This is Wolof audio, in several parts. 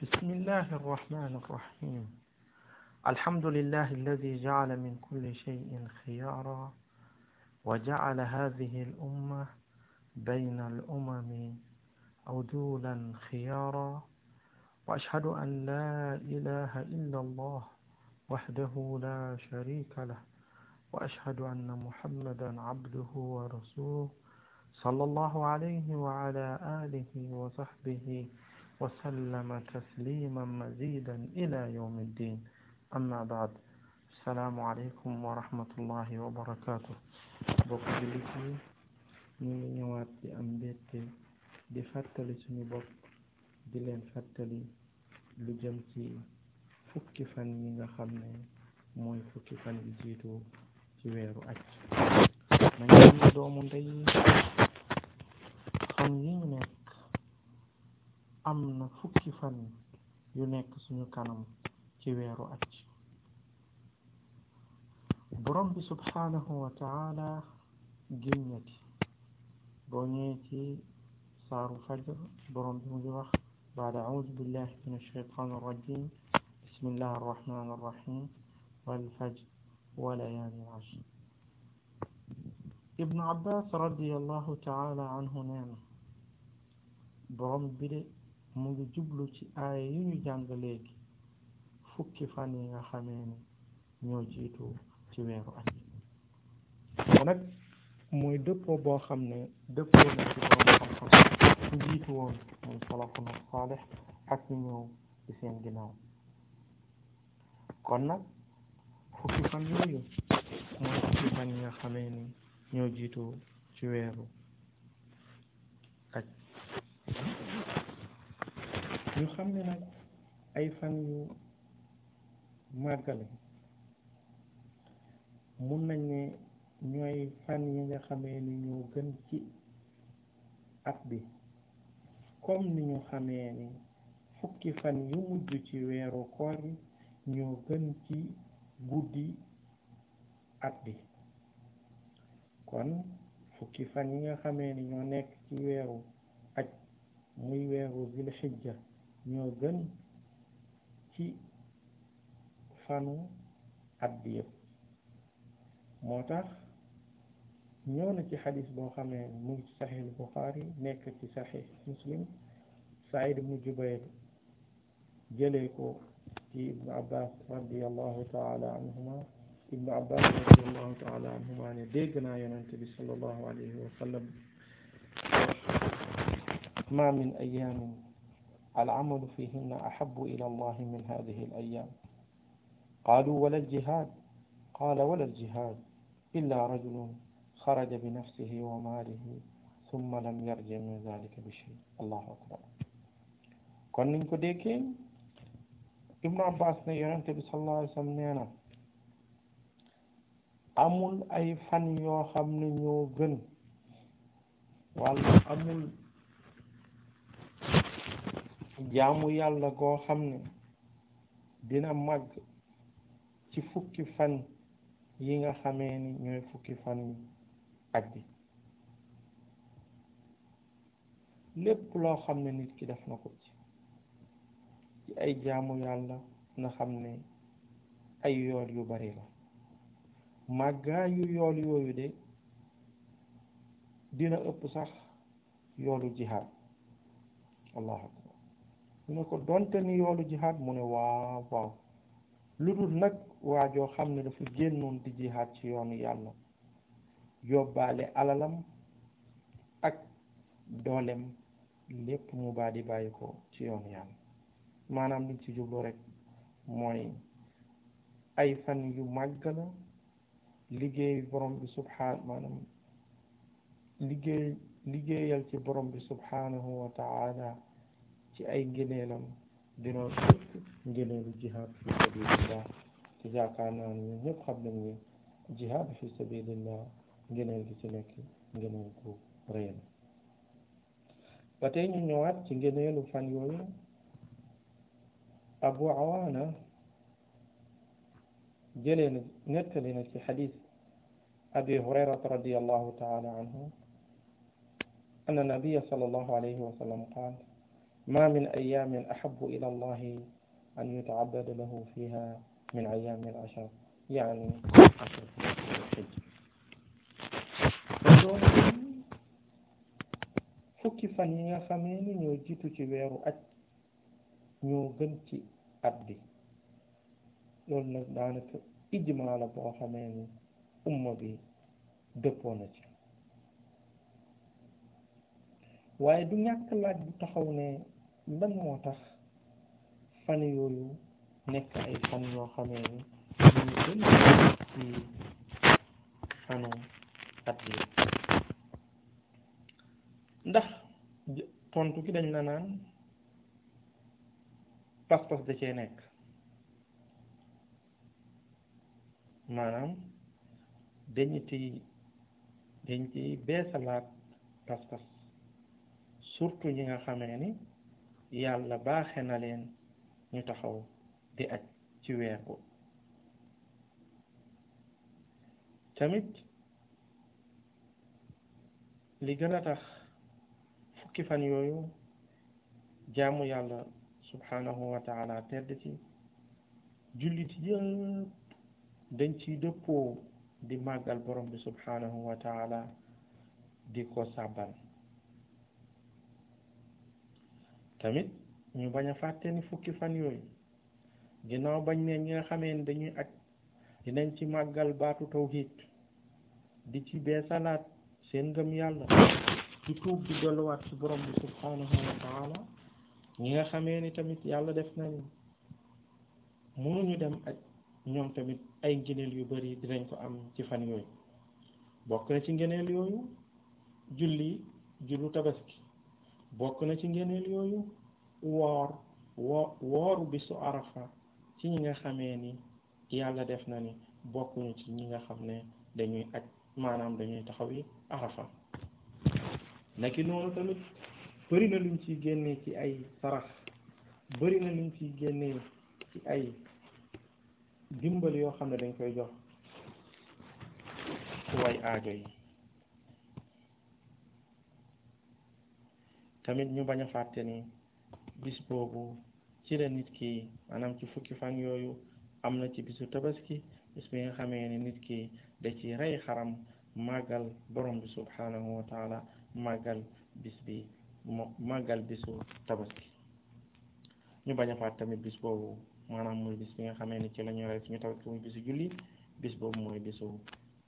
بسم الله الرحمن الرحيم الحمد لله الذي جعل من كل شيء خيارا وجعل هذه الأمة بين الأمم عدولا خيارا وأشهد أن لا إله إلا الله وحده لا شريك له وأشهد أن محمدا عبده ورسوله صلى الله عليه وعلى آله وصحبه وسلم تسليما مزيدا إلى يوم الدين أما بعد السلام عليكم ورحمة الله وبركاته بقبلتي نيو نيوات دي أم بيتي دي فاتلي سنو بوب دي لين فاتلي lu jëm ci fukki fan yi nga xam ne mooy fukki fan yi jiitu ci weeru aj nañ doomu ndey xam yi ñu am na fukki fan yu nekk suñu kanam ci weeru aj borom bi subhanahu wa taala génnati boo ñëwee ci saaru fajr borom bi mu ngi wax baad audu billahi min alshaytan arrajim bismillahi arrahman arrahim walfajr wa layaalin ashr ibnu abbas radiallahu taala anhu nee na borom bi de mu ngi jublu ci aaya yu ñu jàng léegi fukki fan yi nga xamee ni ñoo jiitu ci weeru aj te nag mooy dëppoo boo xam ne dëppoo na ci borom xam-xam ñu jiitu woon muy salafuna saalih ak ñu ñëw ci seen ginnaaw kon nag fukki fan yooyu mooy fukki fan yi nga xamee ni ñoo jiitu ci weeru ñu xam ne nag ay fan yu màggale mun nañ ne ñooy fan yi nga xame ni ñoo gën ci at bi comme ni ñu xame ni fukki fan yu mujj ci weeru koor yi ñoo gën ci guddi at bi kon fukki fan yi nga xame ni ñoo nekk ci weeru aj muy weeru zilxijja ñoo gën ci fanu at bi yëpp moo tax ñëw na ci xadis boo xamee mu ngi ci saxiix al nekk ci saxiix muslim saïd ibnu jubayr jëlee ko ci ibnu abbas radiallahu taala anhuma ibnu abbas radiallahu taala anhuma ne dégg naa yonente bi sallallahu alayhi wa min ayamin العمل فيهن أحب إلى الله من هذه الأيام قالوا ولا الجهاد قال ولا الجهاد إلا رجل خرج بنفسه وماله ثم لم يرجع من ذلك بشيء الله أكبر kon niñ ko déggee Ibnu Abbas ne yonent bi sallallahu alayhi wa sallam nee na amul ay fan yoo xam ne ñoo gën walla amul jaamu yàlla koo xam ne dina màgg ci fukki fan yi nga xamee ni ñooy fukki fan yi aj bi lépp loo xam ne nit ki def na ko ci ci ay jaamu yàlla na xam ne ay yool yu bari la màggaa yu yool yooyu de dina ëpp sax yoolu jihaad allahu akbar mu ne ko donte ni yoolu jihaad mu ne waaw waaw lu dul nag waajoo xam ne dafa génnoon di jihaad ci yoonu yàlla yóbbaale alalam ak doolem lépp mu baa di bàyyi ko ci yoonu yàlla maanaam liñ ci jublu ay yu màgg liggéey borom bi subhaan maanaam liggéey liggéeyal ci borom bi subhaanahu wa ci ay ngëneelam dina ëpp ngëneelu jihaad fi sabilillah te yaakaar naa ne ñun ñëpp xam nañ ne jihaad fi sabilillah ngëneel gi ci nekk ngëneel gu rëy na ba tey ñu ñëwaat ci ngëneelu fan yooyu Abu Awaana jëlee na nettali na ci xadis abi hurayrata radiallahu taala anhu anna nabiya sallallahu alayhi wa sallam qaala ما من أيام أحب إلى الله أن يتعبد له فيها من أيام العشر يعني عشر الحج fukki fan yi nga xamee ni ñoo jiitu ci weeru aj ñoo gën ci at bi loolu nag daanaka ijmaa la boo xamee ni umma bi dëppoo na ci waaye du ñàkk laaj bu taxaw ne lan moo tax fan yooyu nekk ay fan yoo xamee ni ñu ngi ci yi ndax tontu ki dañ la naan pas-pas da cee nekk maanaam dañ ci dañ ci beesalaat pas-pas surtout ñi nga xamee ni yàlla baaxe na leen ñu taxaw di ak ci weer tamit li gën a tax fukki fan yooyu jaamu yàlla subhanahu wa taala tedd ci jullit yëpp dañ ciy dëppoo di màggal borom bi subhanahu wa taala di ko sàbbal tamit ñu bañ a fàtte ni fukki fan yooyu ginnaaw bañ ne ñi nga xamee ni dañuy ak dinañ ci màggal baatu tawhid di ci salaat seen ngëm yàlla ci tuub di delluwaat ci borom bi subhanahu wa taala ñi nga xamee ni tamit yàlla def nañu mënuñu dem aj ñoom tamit ay ngëneel yu bari dinañ ko am ci fan yooyu bokk na ci ngëneel yooyu julli jullu tabaski bokk na ci ngeneel yooyu woor wo wooru bisu arafa ci ñi nga xamee ni yàlla def na ni bokkuñu ci ñi nga xam ne dañuy ak maanaam dañuy taxaw yi arafa naki noonu tamit bëri na luñ ci génnee ci ay sarax bëri na luñ ciy génnee ci ay dimbal yoo xam ne dañ koy jox way aajo yi tamit ñu bañ a fàtte ni bis boobu ci la nit ki maanaam ci fukki fan yooyu am na ci bisu tabaski bis bi nga xamee ni nit ki da ci rey xaram màggal borom bi subhanahu wa taala màggal bis bi màggal bisu tabaski ñu bañ faat tamit bis boobu maanaam muy bis bi nga xamee ni ci la ñu rey suñu tabaski muy bisu julli bis boobu mooy bisu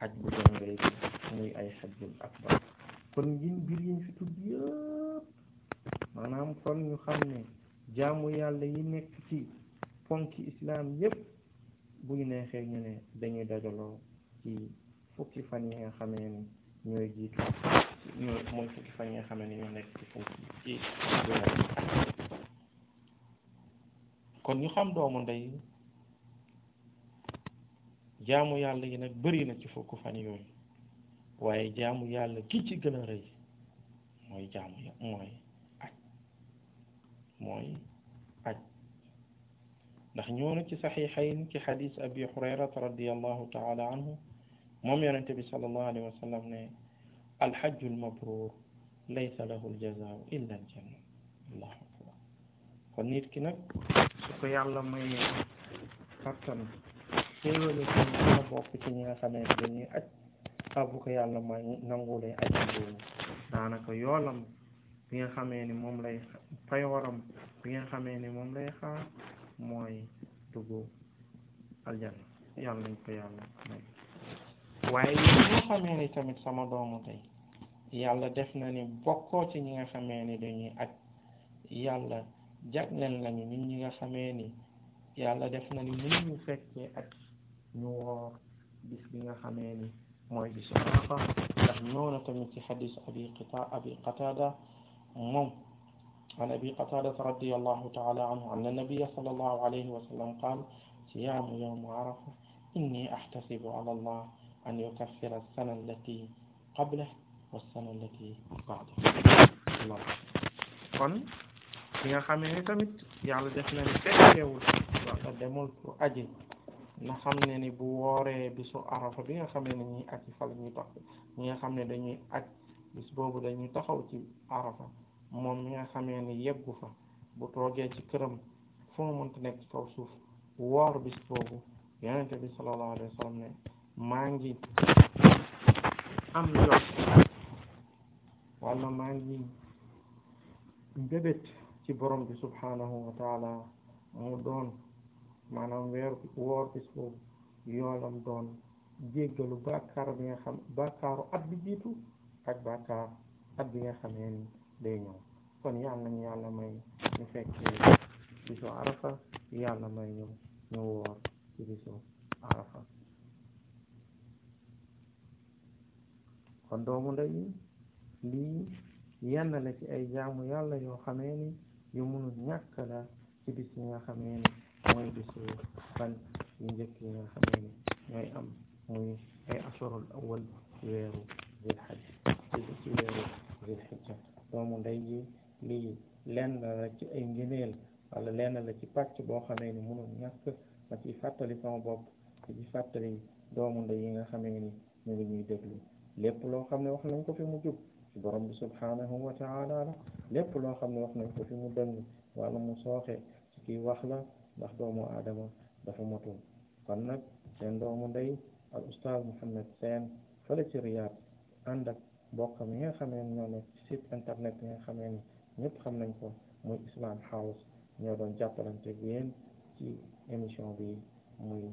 aj bu jongay bi muy ay xajjul akbar kon yin fi tudd yëpp maanaam kon ñu xam ne jaamu yàlla yi nekk ci ponki islaam yépp bu ñu neexee ñu ne dañuy dajaloo ci fukki fan yi nga xamee ni ñooy jiitu ñooy mooy fukki fan yi nga xamee ni ñoo nekk ci fukki ci kon ñu xam doomu ndey jaamu yàlla yi nag bëri na ci fukk fan yooyu waaye jaamu yàlla gi ci gën a rëy mooy jaamu mooy mooy aj ndax ñëw na ci saxiixayn ci xadis abi hurayrata radiallahu taala anhu moom yonente bi salallahu alayhi wa sallam ne alxajju almabruur laysa lahu aljazaau illa aljanna allahu akbar kon nit ki nag su ko yàlla mayee kattan xéewale ko nga bokk ci ñi nga xamee dañuy aj ak bu ko yàlla may nangulee aj boobu daanaka yoolam bi nga xamee ni moom lay payooram bi nga xamee ni moom lay xaar mooy dugg aljanna yàlla nañ ko yàlla may ni tamit sama doomu tey yàlla def na ni bokkoo ci ñi nga xamee ni dañuy ak yàlla jagleen lañu ñun ñi nga xamee ni yàlla def na ni mënuñu fekkee ak ñu woor bis bi nga xamee ni mooy bisu Arafa ndax ñëw na tamit ci xadiis abi qatada moom an abi qataadata radiyallahu taala anhu anna nabiyya sallallahu alayhi wa sallam qaal siyaamu yawmi arafa inni ahtasibu ala allah an yukaffira alsana allati qablahu wassana allati ba'dahu kon li nga xamee ni tamit yàlla def na ni fekkeewul wala demul pour aji na xam ne ni bu wooree bisu arafa bi nga xamee ne ñuy aji fa la ñuy tax ñi nga xam ne dañuy aj bis boobu dañuy taxaw ci arafa moom mi nga xamee ni yeggu fa bu toogee ci këram fu mu mënta nekk ci kaw suuf woor bis boobu ñaata bi sallallahu alayhi wa sallam ne maa ngi am jot wala maa ngi mbébét ci borom bi subhanahu wa taala mu doon maanaam weer woor bis boobu yoolam doon jéggalu bàkkaar bi nga xam bàkkaaru bi jiitu ak bàkkaar at bi nga day ñëw kon yàlla nañu yàlla may ñu fekkee bisu arafa yàlla may ñu ñu woor ci arafa kon doomu ndey lii yenn la ci ay jaamu yàlla yoo xamee ni yu mënul ñàkk la ci bis yi nga xamee ni mooy bisu fan yu njëkk yi nga xamee ni ñooy am muy ay ashurul awal ci weeru zilhijja ci weeru zilhijja doomu ndey ji lii lenn la ci ay ngëneel wala lenn la ci pàcc boo xamee ni mënul ñàkk ma ci fàttali sama bopp te ci fàttali doomu ndey yi nga xamee ni ñu ngi ñuy déglu lépp loo xam ne wax nañ ko fi mu jub ci borom bi subhanahu wa taala la lépp loo xam ne wax nañ ko fi mu dëng wala mu sooxee ci kiy wax la ndax doomu aadama dafa motul kon nag seen doomu ndey al oustaz Mouhamed Sène fële ci Riyad ànd ak mbokk mi nga xamee ne ñoo nekk ci site internet yi nga xamee ni ñëpp xam nañ ko muy Islam House ñoo doon jàppalante ak yéen ci émission bi muy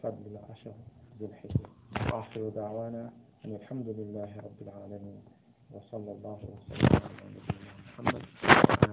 fadlul ashar zul hijja wa axiru daawaana an alhamdulillahi rabbil alamin wa sallallahu wa sallam ala nabiyyina muhammad